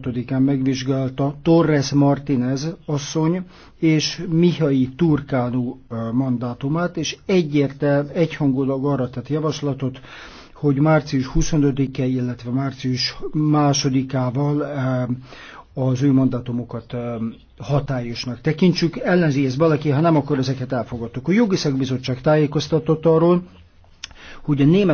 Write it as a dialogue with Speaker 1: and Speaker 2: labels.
Speaker 1: 6-án megvizsgálta Torres Martinez asszony és Mihai Turkánú mandátumát, és egyértelmű, egyhangulag arra tett javaslatot, hogy március 25-e, illetve március 2-ával az ő mandátumokat hatályosnak tekintsük. Ellenzi ez valaki, ha nem, akkor ezeket elfogadtuk. A jogi szakbizottság tájékoztatott arról, hogy a német